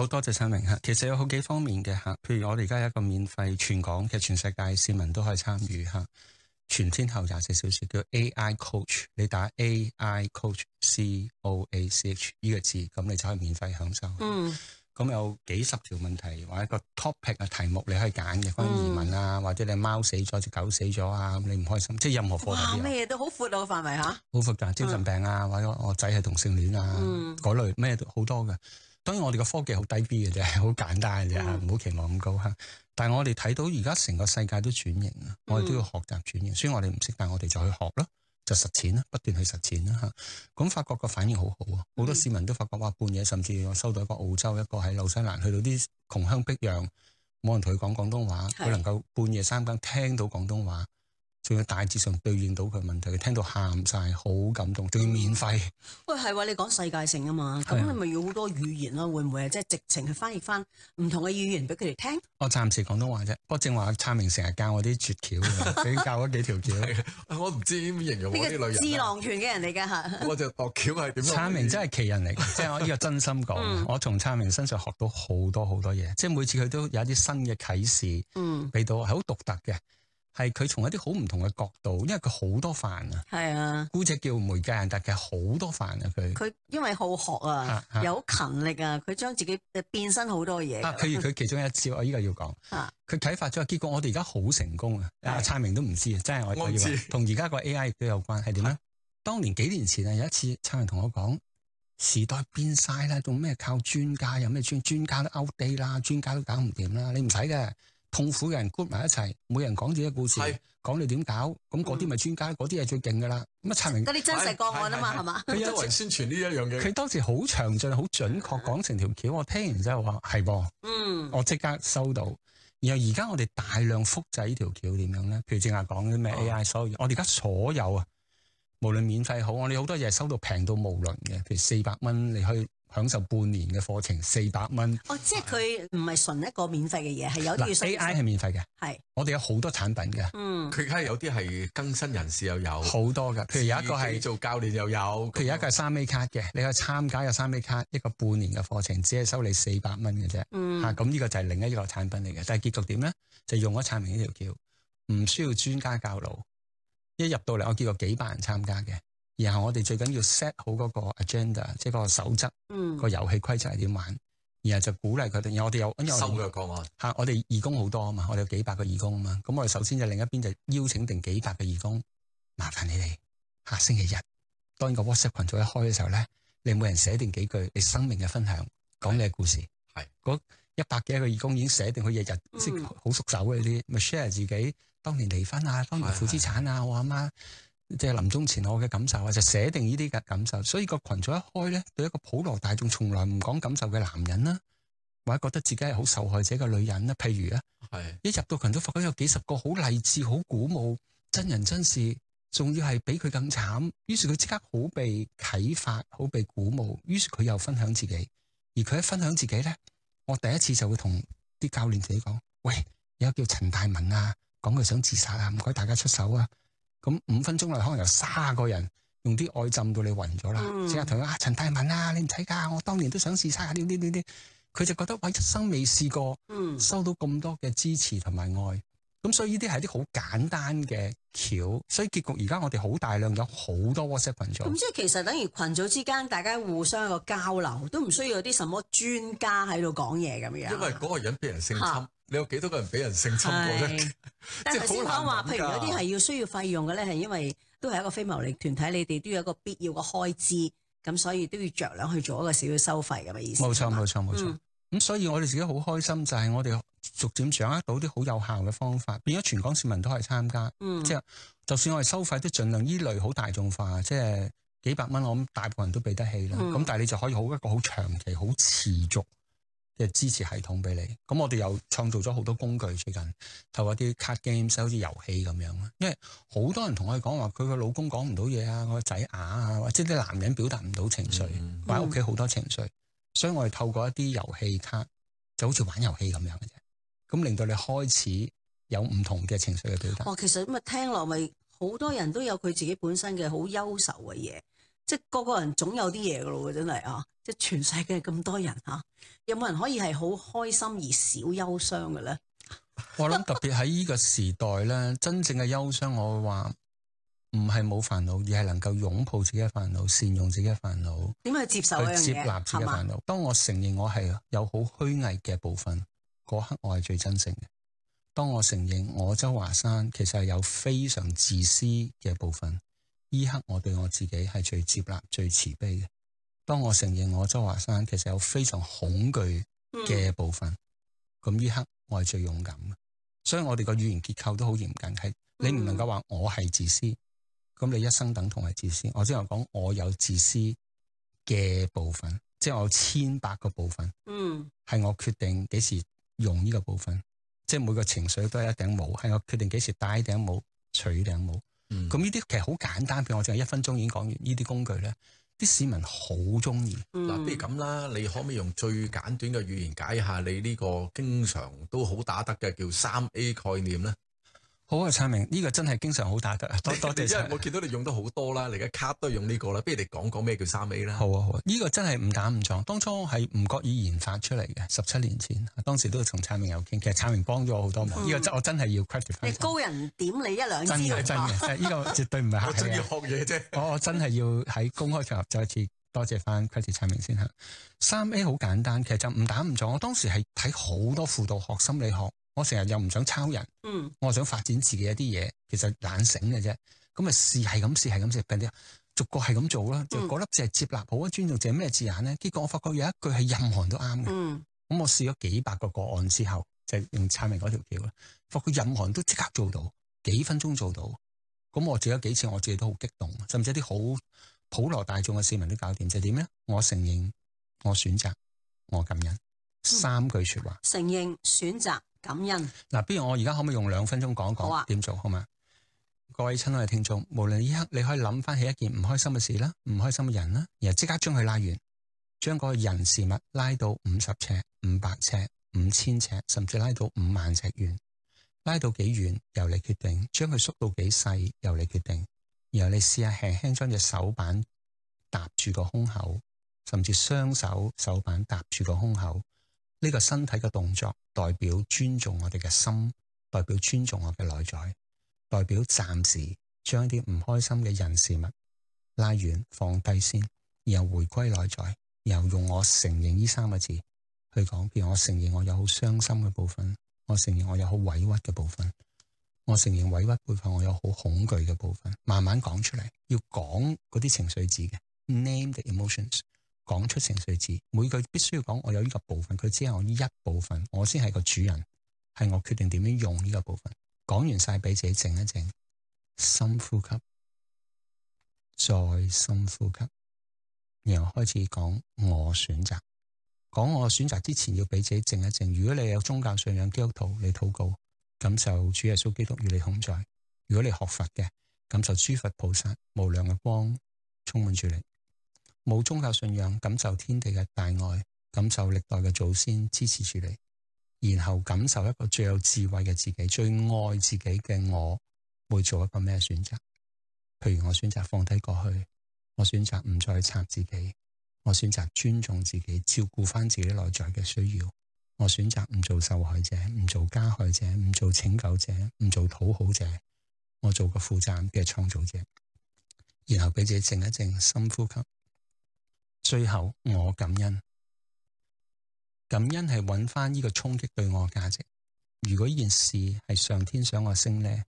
好多謝陳明吓，其實有好幾方面嘅吓，譬如我哋而家有一個免費，全港嘅、全世界市民都可以參與吓，全天候廿四小時叫 AI Coach，你打 AI Coach C O A C H 呢個字，咁你就可以免費享受。嗯，咁有幾十條問題，或者個 topic 啊、題目你可以揀嘅，關於移民啊，嗯、或者你貓死咗，隻狗死咗啊，咁你唔開心，即係任何課題。哇，咩都好闊啊個範圍吓。好複雜，精神、嗯、病啊，或者我仔係同性戀啊，嗰、嗯、類咩都好多嘅。當然我哋個科技好低 B 嘅啫，好 簡單嘅啫，唔好、嗯、期望咁高嚇。但係我哋睇到而家成個世界都轉型啊，嗯、我哋都要學習轉型，雖然我哋唔識，但我哋就去學咯，就實踐啦，不斷去實踐啦嚇。咁發覺個反應好好啊，好多市民都發覺哇，半夜甚至我收到一個澳洲，一個喺紐西蘭，去到啲窮鄉僻壤，冇人同佢講廣東話，佢的能夠半夜三更聽到廣東話。仲要大致上對應到佢問題，佢聽到喊晒好感動，仲要免費。喂，係話、啊、你講世界性啊嘛？咁的你咪要好多語言咯、啊？會唔會啊？即係直情去翻譯翻唔同嘅語言俾佢哋聽？我暫時廣東話啫。 我正話，燦榮成日教我啲絕竅，俾教咗幾條竅。我唔知點形容我呢類人、啊。智囊團嘅人嚟嘅吓。我只竅係點？燦榮真係奇人嚟，即係 我呢個真心講。 嗯、我從燦榮身上學到好多好多嘢，即係每次佢都有一啲新嘅啟示，俾到係好獨特嘅。係佢從一啲好唔同嘅角度，因為佢好多範啊。係啊，姑姐叫梅格蘭特嘅好多範啊佢。佢因為好學啊，有勤力啊，佢將自己誒變身好多嘢。啊，佢佢其中一次我依個要講，佢啟發咗，結果我哋而家好成功啊！阿蔡明都唔知啊，真係我同而家個 AI 都有關，係點咧？當年幾年前啊，有一次蔡明同我講，時代變晒啦，做咩靠專家，有咩專專家都 outdate 啦，專家都搞唔掂啦，你唔使嘅。痛苦嘅人 group 埋一齊，每人講自己嘅故事，講是你點搞，咁嗰啲咪專家，嗰啲係最勁噶啦。咁啊，查明嗰啲真實個案啊嘛，係嘛？佢因吧為宣傳呢一樣嘢，佢當時好詳盡、好準確講成條橋。我聽完之後話係噃，嗯，我即刻收到。然後而家我哋大量複製條條呢條橋點樣咧？譬如正話講啲咩 AI，所有我哋而家所有啊，無論免費好，我哋好多嘢收到平到無倫嘅，譬如四百蚊你去，享受半年嘅課程四百蚊，哦，即係佢唔係純一個免費嘅嘢，係是有啲更新 AI 係免費嘅，係是我哋有好多產品嘅，嗯，佢梗係有啲係更新人士又有好多嘅，譬如有一個係做教練又有，譬如有一個係三 A 卡嘅，你去以參加嘅三 A 卡一個半年嘅課程，只係收你四百蚊嘅啫，嗯，咁呢、啊這個就係另一個產品嚟嘅，但係結局點咧？就用咗產品呢條橋，唔需要專家教導，一入到嚟我見過幾百人參加嘅。然後我哋最緊要 set 好嗰個 agenda，即係嗰個守則，嗯、個遊戲規則係點玩，然後就鼓勵佢哋。然後我哋有，因為收個案吓、啊啊，我哋義工好多啊嘛，我哋有幾百個義工啊嘛。咁我哋首先就另一邊就邀請定幾百個義工，麻煩你哋下星期日，當個 WhatsApp 群組一開嘅時候咧，你每人寫定幾句你生命嘅分享，講你嘅故事。係，一百幾個義工已經寫定佢日日即好熟手嗰啲，咪 share 自己當年離婚啊，當年負資產啊，我阿媽，媽。即係臨終前我嘅感受啊，就寫定呢啲嘅感受，所以個群組一開咧，對一個普羅大眾從來唔講感受嘅男人啦，或者覺得自己係好受害者嘅女人啦，譬如啊，係的一入到群組都發覺有幾十個好勵志、好鼓舞真人真事，仲要係比佢更慘，於是佢即刻好被啟發、好被鼓舞，於是佢又分享自己，而佢一分享自己咧，我第一次就會同啲教練自己講，喂，有一個叫陳大文啊，講佢想自殺啊，唔該大家出手啊。咁五分鐘內可能有三個人用啲愛浸到你暈咗啦，即、嗯、刻同阿啊陳大文啊，你唔使㗎，我當年都想試曬啲啲啲，佢就覺得喂，一生未試過收到咁多嘅支持同埋愛，咁、嗯、所以呢啲係啲好簡單嘅橋，所以結局而家我哋好大量有好多 WhatsApp 羣組。咁即係其實等於群組之間大家互相個交流，都唔需要有啲什麼專家喺度講嘢咁樣。因為嗰個人俾人性侵。你有幾多個人俾人性侵過咧？但係頭先講話，譬如嗰啲係要需要費用嘅咧，係因為都係一個非牟利團體，你哋都有一個必要嘅開支，咁所以都要酌量去做一個少少收費咁嘅意思。冇錯錯，冇錯吧，冇錯。咁、嗯、所以我哋自己好開心，就係、是、我哋逐漸掌握到啲好有效嘅方法，變咗全港市民都可以參加。即係、嗯、就算我哋收費，都盡量依類好大眾化，即係幾百蚊，我諗大部分人都俾得起啦。咁、嗯、但係你就可以好一個好長期、好持續。嘅支持系統俾你，咁我哋又創造咗好多工具最近，透過啲卡 game，即係好似遊戲咁樣咯。因為好多人同我哋講話，佢個老公講唔到嘢啊，個仔啞啊，或者啲男人表達唔到情緒，喺屋企好多情緒，所以我哋透過一啲遊戲卡，就好似玩遊戲咁樣嘅啫。咁令到你開始有唔同嘅情緒嘅表達。哇，其實咁啊，聽落咪好多人都有佢自己本身嘅好優秀嘅嘢。即係個個人總有啲嘢噶咯，真係啊！即係全世界咁多人，啊，有冇人可以係好開心而少憂傷嘅咧？我諗特別喺呢個時代咧， 真正嘅憂傷，我會話唔係冇煩惱，而係能夠擁抱自己嘅煩惱，善用自己嘅煩惱。點去接受？去接納自己嘅煩惱。嗎當我承認我係有好虛偽嘅部分，嗰刻我係最真誠嘅。當我承認我周華山其實係有非常自私嘅部分。依刻，我對我自己係最接納、最慈悲嘅。當我承認我周華山其實有非常恐懼嘅部分，咁依、嗯、刻我係最勇敢嘅。所以我哋個語言結構都好嚴謹，係你唔能夠話我係自私，咁、嗯、你一生等同係自私。我只能講，我有自私嘅部分，即係我有千百個部分，嗯，係我決定幾時用呢個部分，即、就、係、是、每個情緒都係一頂帽，係我決定幾時戴一頂帽、取頂帽。咁呢啲其實好簡單，俾我淨係一分鐘已經講完。呢啲工具咧，啲市民好中意。嗱、嗯啊，不如咁啦，你可唔可以用最簡短嘅語言解下你呢個經常都好打得嘅叫三 A 概念咧？好啊，燦榮，呢、這個真係經常好打得，多多謝。我見到你用得好多啦，你嘅卡都用呢個啦，不如你講講咩叫三 A 啦。好啊，好啊，呢、這個真係誤打誤撞。當初係唔覺意研發出嚟嘅，十七年前，當時都同燦榮有傾，其實燦榮幫咗我好多忙。呢、嗯、個我真係要 credit 翻高人點你一兩支？真嘅真嘅，呢 個絕對唔係客氣。我中意學嘢啫。我真係要喺公開場合再次多謝翻 credit 燦榮先吓。三 A 好簡單，其實就誤打誤撞。我當時係睇好多輔導學心理學。我成日又唔想抄人，嗯、我想發展自己一啲嘢，其實懶醒嘅啫。咁咪試係咁試係咁食笨啲，逐個係咁做啦。嗯、就嗰粒就接納、好尊重，就咩字眼咧？結果我發覺有一句係任何人都啱嘅。咁、嗯、我試咗幾百個個案之後，就係、用闡明嗰條表啦。發覺任何人都即刻做到，幾分鐘做到。咁我做咗幾次，我自己都好激動，甚至啲好普羅大眾嘅市民都搞掂。就點、係、咧？我承認，我選擇，我感恩，三句說話。承認、嗯，選擇。感恩嗱，不、啊，如我而家可唔可以用兩分鐘講一講點、啊，做好嘛？各位親愛嘅聽眾，無論呢刻你可以諗翻起一件唔開心嘅事啦，唔開心嘅人啦，然後即刻將佢拉遠，將嗰個人事物拉到五十尺、五百尺、五千尺，甚至拉到五萬尺遠，拉到幾遠由你決定，將佢縮到幾細由你決定，然後你試下輕輕將隻手板搭住個胸口，甚至雙手手板搭住個胸口。呢個身體嘅動作代表尊重我哋嘅心，代表尊重我嘅內在，代表暫時將啲唔開心嘅人事物拉遠放低先，然後回歸內在，然後用我承認呢三個字去講，譬如我承認我有好傷心嘅部分，我承認我有好委屈嘅部分，我承認委屈部分我有好恐懼嘅部分，慢慢講出嚟，要講嗰啲情緒字嘅 name the emotions。講出情緒字，每句必須要講我有呢個部分，佢只係我呢一部分，我先係個主人，係我決定點樣用呢個部分。講完晒畀自己靜一靜，深呼吸，再深呼吸，然後開始講我選擇。講我選擇之前要畀自己靜一靜。如果你有宗教信仰，基督徒你禱告，咁就主耶穌基督與你同在；如果你學佛嘅，咁就諸佛菩薩無量嘅光充滿住你。冇宗教信仰，感受天地嘅大愛，感受歷代嘅祖先支持住你，然後感受一個最有智慧嘅自己，最愛自己嘅我，會做一個咩選擇？譬如我選擇放低過去，我選擇唔再插自己，我選擇尊重自己，照顧翻自己內在嘅需要，我選擇唔做受害者，唔做加害者，唔做拯救者，唔做討好者，我做個負責任嘅創造者，然後畀自己靜一靜，深呼吸。最後，我感恩，感恩係搵翻呢個衝擊對我嘅價值。如果呢件事係上天想我升咧，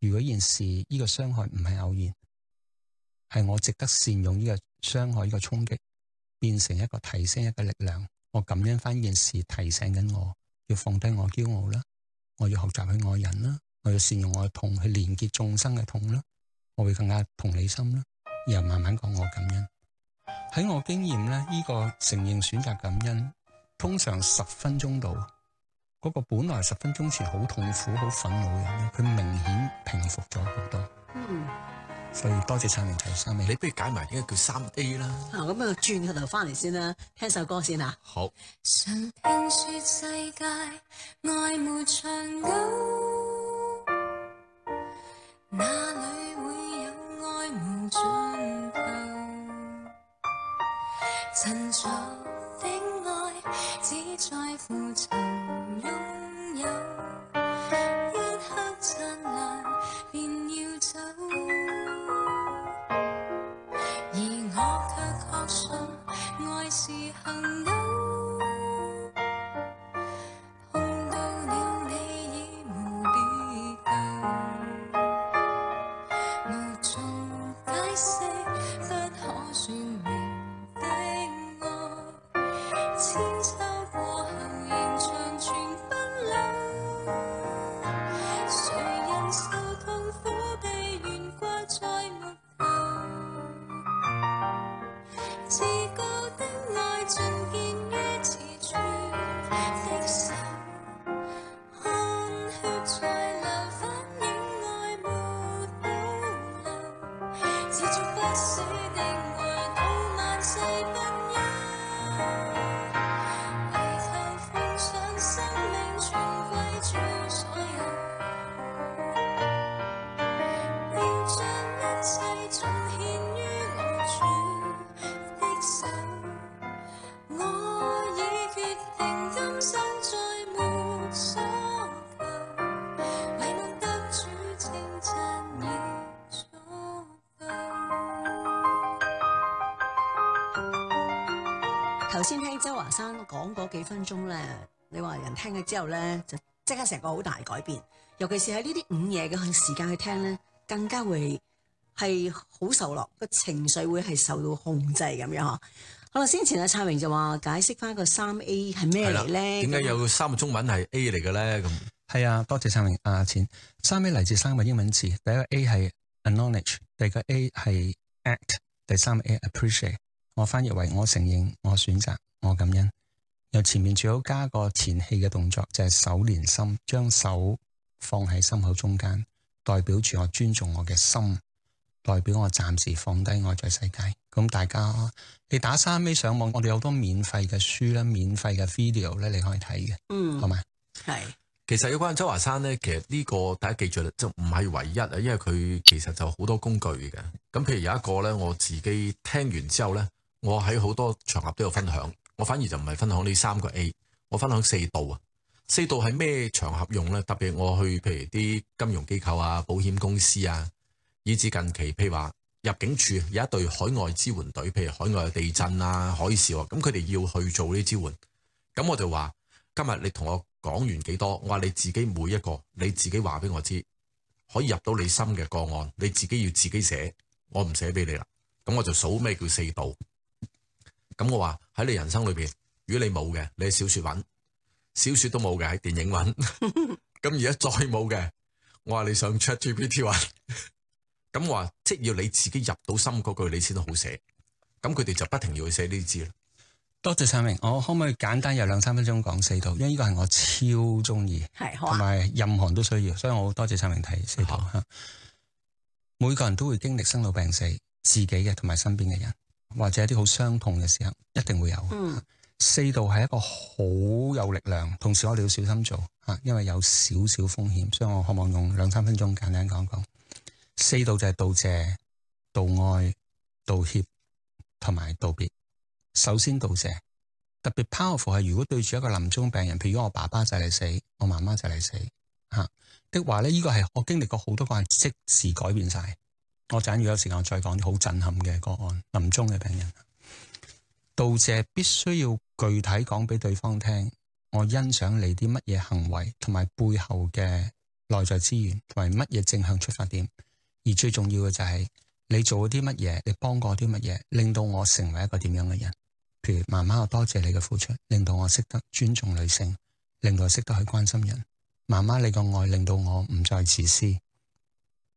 如果呢件事呢個傷害唔係偶然，係我值得善用呢個傷害呢個衝擊，變成一個提升一個力量。我感恩翻件事，提醒緊我要放低我驕傲啦，我要學習去愛人啦，我要善用我嘅痛去連結眾生嘅痛啦，我會更加同理心啦，然後慢慢講我感恩。喺我經驗咧，呢、這個承認選擇感恩，通常十分鐘度，嗰、那個本來十分鐘前好痛苦、好憤怒嘅人，佢明顯平復咗好多。嗯，所以多謝燦榮提升你，不如解埋呢個叫三 A 啦。啊，咁啊轉個頭翻嚟先啦，聽首歌先啊。好。想聽說世界愛無長那裏會有愛無塵俗的愛，只在乎塵。先聽周華山講嗰幾分鐘咧，你話人聽咗之後咧，就即刻成個好大改變。尤其是喺呢啲午夜嘅時間去聽咧，更加會係好受落，個情緒會係受到控制咁樣呵。好啦， 先前阿蔡明就話解釋翻個三 A 係咩嚟咧？點解有三個中文係 A 嚟嘅咧？咁係啊，多謝蔡明阿錢。三 A 嚟自三個英文字，第一個 A 係 a k n o w l e d g e，第二個 A 係 act，第三個 A appreciate。我翻譯為我承認，我選擇，我感恩。又前面最好加個前戲嘅動作，就係、是、手連心，將手放喺心口中間，代表住我尊重我嘅心，代表我暫時放低外在世界。咁大家你打三米上網，我哋有好多免費嘅書啦，免費嘅 video 咧，你可以睇嘅。嗯，好嘛嗎，係是。其實有關周華山咧，其實呢個大家記住啦，就唔係唯一啊，因為佢其實就好多工具嘅。咁譬如有一個咧，我自己聽完之後咧。我喺好多場合都有分享，我反而就唔係分享呢三個 A，我分享四道啊。四道係咩場合用呢？特別我去譬如啲金融機構啊、保險公司啊，以至近期譬如話入境處有一隊海外支援隊，譬如海外地震啊、海嘯啊，咁佢哋要去做呢支援，咁我就話：今日你同我講完幾多？我話你自己每一個，你自己話俾我知，可以入到你心嘅個案，你自己要自己寫，我唔寫俾你啦。咁我就數咩叫四道。咁我話喺你人生裏邊，如果你冇嘅，你係小說揾，小說都冇嘅，喺電影揾。咁而家再冇嘅，我話你想出 GPT 揾。咁我話即要你自己入到心嗰句，你先都好寫。咁佢哋就不停要去寫呢啲字啦。多謝陳明，我可唔可以簡單有兩三分鐘講四道？因為呢個係我超中意，係同埋任何人都需要。所以我好多謝陳明睇四道。啊、每個人都會經歷生老病死，自己嘅同埋身邊嘅人。或者一啲好傷痛嘅時候，一定會有。嗯、四道係一個好有力量，同時我哋要小心做嚇，因為有少少風險。所以我渴望用兩三分鐘簡單講講四道就係道謝、道愛、道歉同埋道別。首先道謝，特別 powerful 係如果對住一個臨終病人，譬如我爸爸就嚟死，我媽媽就嚟死嚇的話咧，呢、呢個係我經歷過好多個人，即時改變晒。我就係要有時間再講啲好震撼嘅個案，臨終嘅病人。道謝必須要具體講俾對方聽，我欣賞你啲乜嘢行為，同埋背後嘅內在資源，同埋乜嘢正向出發點。而最重要嘅就係你做咗啲乜嘢，你幫過啲乜嘢，令到我成為一個點樣嘅人。譬如媽媽，我多謝你嘅付出，令到我識得尊重女性，令到我識得去關心人。媽媽，你個愛令到我唔再自私。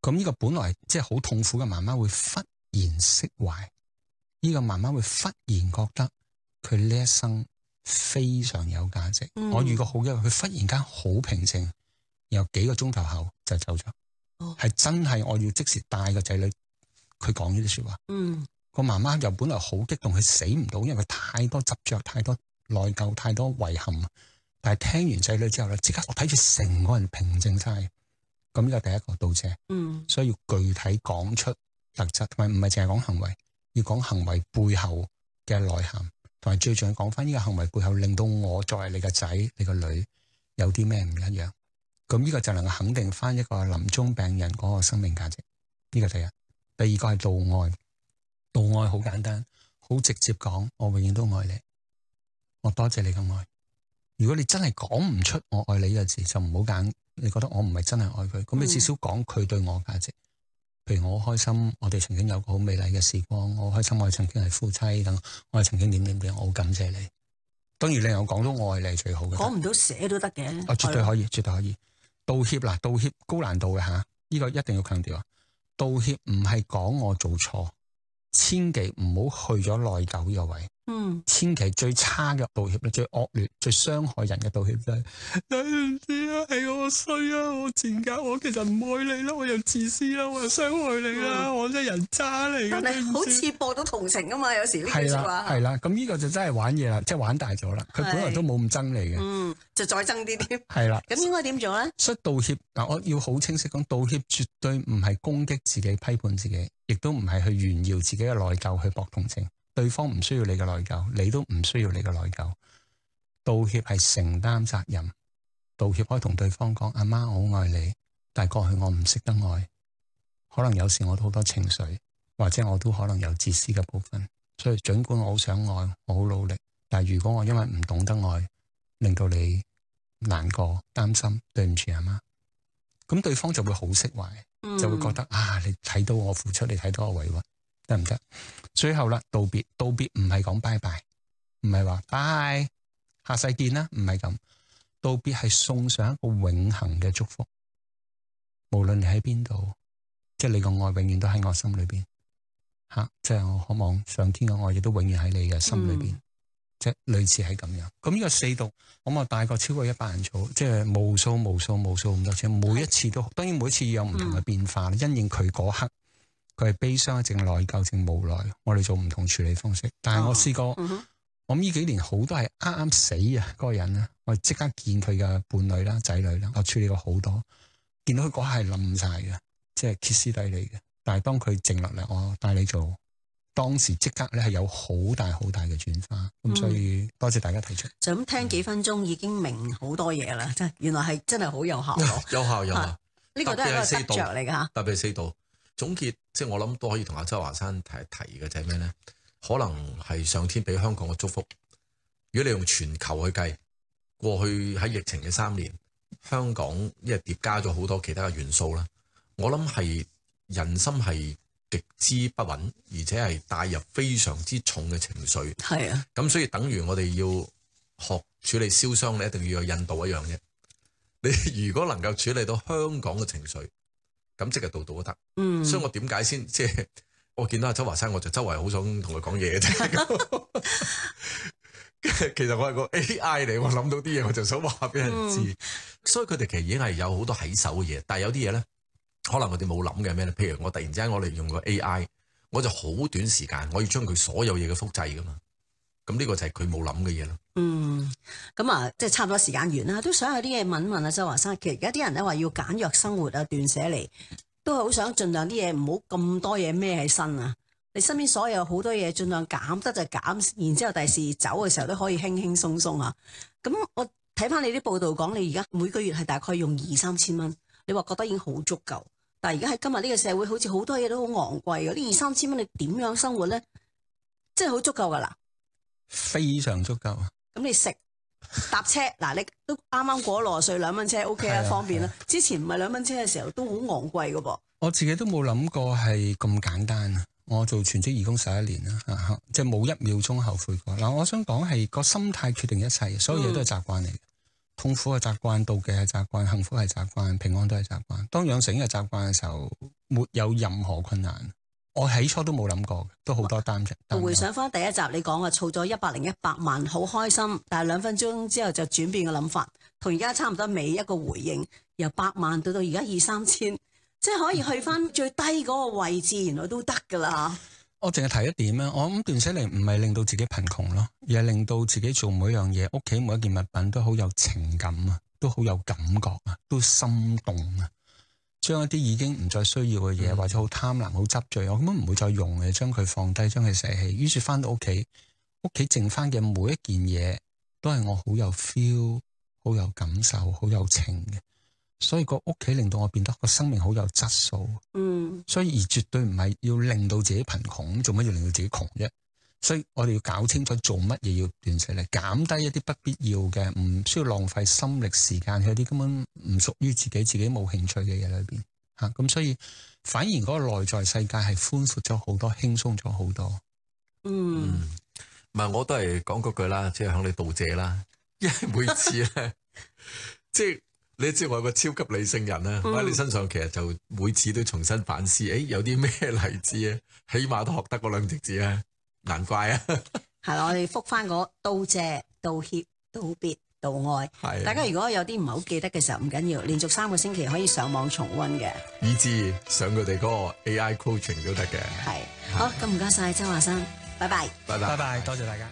咁呢個本來即係好痛苦嘅，媽媽會忽然釋懷。呢、這個媽媽會忽然覺得佢呢一生非常有價值。嗯、我遇過好嘅，佢忽然間好平靜。然後幾個鐘頭後就走咗，係、哦、真係我要即時帶個仔女。佢講呢啲說話，個、嗯、媽媽又本來好激動，佢死唔到，因為佢太多執着、太多內疚、太多遺憾。但係聽完仔女之後咧，即刻我睇住成個人平靜晒。咁呢個第一個道謝，謝謝嗯、所以要具體講出特質，同埋唔係淨係講行為，要講行為背後嘅內涵，同埋最重要講翻呢個行為背後令到我作為你個仔、你個女有啲咩唔一樣，咁、這、呢個就能夠肯定翻一個臨終病人嗰個生命價值。呢、這個第一，第二個係道愛，道愛好簡單，好直接講，我永遠都愛你，我多謝，謝你嘅愛。如果你真係講唔出我愛你呢個字，就唔好揀。你覺得我唔係真係愛佢，咁你至少講佢對我價值。譬如我好開心，我哋曾經有個好美麗嘅時光，我好開心我，我哋曾經係夫妻等，我哋曾經點點點，我好感謝你。當然你又講到我愛你最好嘅，講唔到寫都得嘅。啊，絕對可以，的絕對可以。道歉嗱，道歉高難度嘅吓，呢、這個一定要強調。道歉唔係講我做錯，千祈唔好去咗內疚呢個位。嗯，千祈最差嘅道歉咧，最惡劣、最傷害人嘅道歉就係、是。 係、哎、我衰啊！我賤格，我其實唔愛你啦，我又自私啦，我又傷害你啦，嗯、我真係人渣嚟。你好似博到同情啊嘛，有時呢啲說話。係啦，咁呢個就真係玩嘢啦，即、就、係、是、玩大咗啦。佢的本來都冇咁憎你嘅，嗯，就再憎啲添！係啦的，咁應該點做咧？所以道歉，嗱，我要好清晰講，道歉絕對唔係攻擊自己、批判自己，亦都唔係去炫耀自己嘅內疚去博同情。對方唔需要你嘅內疚，你都唔需要你嘅內疚。道歉係承擔責，責任。道歉可以同對方講：阿媽，我好愛你，但係過去我唔識得愛，可能有時我都好多情緒，或者我都可能有自私嘅部分。所以盡管我好想愛，我好努力，但係如果我因為唔懂得愛，令到你難過、擔心，對唔住阿媽，咁對方就會好釋懷，就會覺得、嗯、啊，你睇到我付出，你睇到我委屈，得唔得？最後啦，道別，道別唔係講拜拜，唔係話拜，下世見啦，唔係咁。道別係送上一個永恆嘅祝福，無論你喺邊度，即係你個愛永遠都喺我心裏邊，嚇、啊！即、就、係、是、我渴望上天嘅愛亦都永遠喺你嘅心裏邊，嗯、即係類似係咁樣。咁、這、呢個四道，我望大概超過一百人做，即係無數無數無數咁多次，每一次都當然每一次有唔同嘅變化，嗯、因應佢嗰刻佢係悲傷、正內疚、正無奈，我哋做唔同處理方式。但係我試過。嗯我呢幾年好多係啱啱死啊，嗰、那個人咧，我即刻見佢嘅伴侶啦、仔女啦，我處理過好多，見到佢嗰刻係冧晒嘅，即係歇斯底里嘅。但係當佢靜落嚟，我帶你做，當時即刻咧係有好大好大嘅轉化。咁、嗯、所以多謝大家提出。就咁聽幾分鐘已經明好多嘢啦，真係原來係真係好有效有效有效。呢個都係一個得着嚟噶吓，特別四度總結，即係我諗都可以同阿周華山提一提嘅，就係咩咧？可能係上天俾香港嘅祝福。如果你用全球去計，過去喺疫情嘅三年，香港因為疊加咗好多其他嘅元素啦，我諗係人心係極之不穩，而且係帶入非常之重嘅情緒。係啊，咁所以等於我哋要學處理燒傷，你一定要有印度一樣啫。你如果能夠處理到香港嘅情緒，咁即係度度都得。嗯，所以我點解先即係？我見到阿周華山，我就周圍好想同佢講嘢啫。 其實我係個 AI 嚟，我諗到啲嘢我就想話俾人知。嗯、所以佢哋其實已經係有好多起手嘅嘢，但係有啲嘢咧，可能我哋冇諗嘅咩咧？譬如我突然之間我哋用個 AI，我就好短時間，我要將佢所有嘢嘅複製噶嘛。咁呢個就係佢冇諗嘅嘢咯。嗯，咁啊，即係差唔多時間完啦，都想有啲嘢問一問啊，周華山。其實而家啲人咧話要簡約生活啊，斷捨離。都係好想盡量，啲嘢唔好咁多嘢，孭喺身啊！你身邊所有好多嘢盡量減得就減，然之後第時走嘅時候都可以輕輕鬆鬆啊！咁我睇翻你啲報道講，你而家每個月係大概用二三千蚊，你話覺得已經好足夠，但係而家喺今日呢個社會，好似好多嘢都好昂貴啊。呢二三千蚊你點樣生活咧？真係好足夠噶啦！非常足夠啊！咁你食？搭車嗱，你都啱啱過咗落水，歲，兩蚊車 O K 啦，OK, 的方便啦。的之前唔係兩蚊車嘅時候都好昂貴噶噃。我自己都冇諗過係咁簡單啊！我做全職義工十一年啦，即係冇一秒鐘後悔過。嗱、啊，我想講係個心態決定一切，所有嘢都係習慣嚟嘅。嗯、痛苦係習慣，妒忌係習慣，幸福係習慣，平安都係習慣。當養成一個習慣嘅時候，沒有任何困難。我起初都冇諗過，都好多單啫。回想翻第一集，你講嘅儲咗一百零一百萬，好開心，但係兩分鐘之後就轉變嘅諗法，同而家差唔多。尾一個回應，由百萬到到而家二三千，即係可以去翻最低嗰個位置， 原來都得噶啦。我淨係提一點啊，我諗段寫嚟唔係令到自己貧窮咯，而係令到自己做每樣嘢，屋企每一件物品都好有情感啊，都好有感覺啊，都心動啊。將一啲已經唔再需要嘅嘢，嗯、或者好貪婪、好執著，我根本唔會再用嘅，將佢放低，將佢捨棄。於是翻到屋企，屋企剩翻嘅每一件嘢，都係我好有 feel、好有感受、好有情嘅。所以個屋企令到我變得個生命好有質素。嗯，所以而絕對唔係要令到自己貧窮，做乜要令到自己窮啫？所以我哋要搞清楚做乜嘢要斷捨離，減低一啲不必要嘅，唔需要浪費心力時間，喺啲根本唔屬於自己，自己冇興趣嘅嘢裏邊吓。咁、啊、所以反而嗰個內在世界係寬闊咗好多，輕鬆咗好多。嗯，唔係、嗯、我都係講嗰句啦，即、就、係、是、向你道謝啦，因為每次咧，即係、 就是、你知我係個超級理性人啦，喺、嗯、你身上其實就每次都重新反思，誒、哎，有啲咩例子啊？起碼都學得過兩隻字啊！難怪啊，係啦，我哋複翻嗰道謝、道歉、道別、道愛。係的大家如果有啲唔係好記得嘅時候，唔緊要，連續三個星期可以上網重溫嘅，以至上佢哋嗰個 AI coaching 都得嘅。係的的好，咁唔該晒周華山，拜拜，拜拜，多謝大家。